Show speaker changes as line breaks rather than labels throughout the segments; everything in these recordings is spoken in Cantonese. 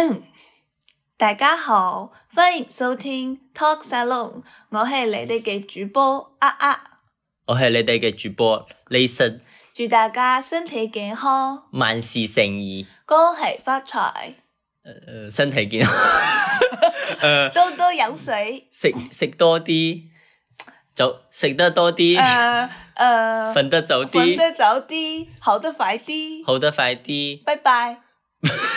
嗯、大家好，歡迎收聽 Talk Salon，我係你哋嘅主播啊啊，
我係你哋嘅主播李實，
祝大家身體健康，
萬事勝意，
恭喜發財、
呃，身體健康， 呃、
多多飲水，
食食多啲，早食得多啲，
瞓、呃呃、得
早啲，瞓得
早啲，好得快啲，
好得快啲，拜拜。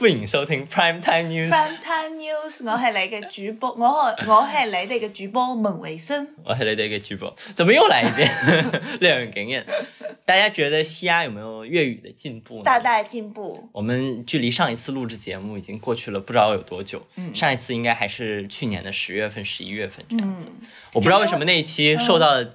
歡迎收聽 pr time Prime Time News。Prime
Time News，我係你嘅主播，我
係我係你哋嘅主播孟偉森。我係你哋嘅主播，怎麼又來一遍？令人驚艷。大家覺得吸鴨有沒有粵語的進步呢？大大
的進步。
我們距離上一次錄製節目已經過去了不知道有多久，嗯、上一次應該還是去年的十月份、十一月份
這樣子。嗯、
我不知道為什麼那一期受到、嗯。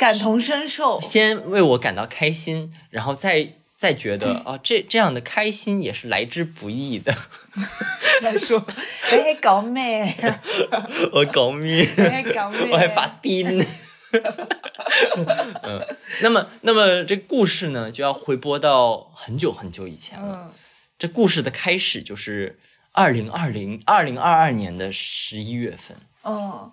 感同身受，先為我感到開心，然後再再覺得，嗯、啊這這樣的開心也是來之不易的。
來說，你喺 搞咩？我搞咩？
你喺搞咩？我喺發癲、 嗯。那麼那麼這故事呢，就要回撥到很久很久以前了。嗯、這故事的開始就是二零二零二零二二年的十一月份。
哦。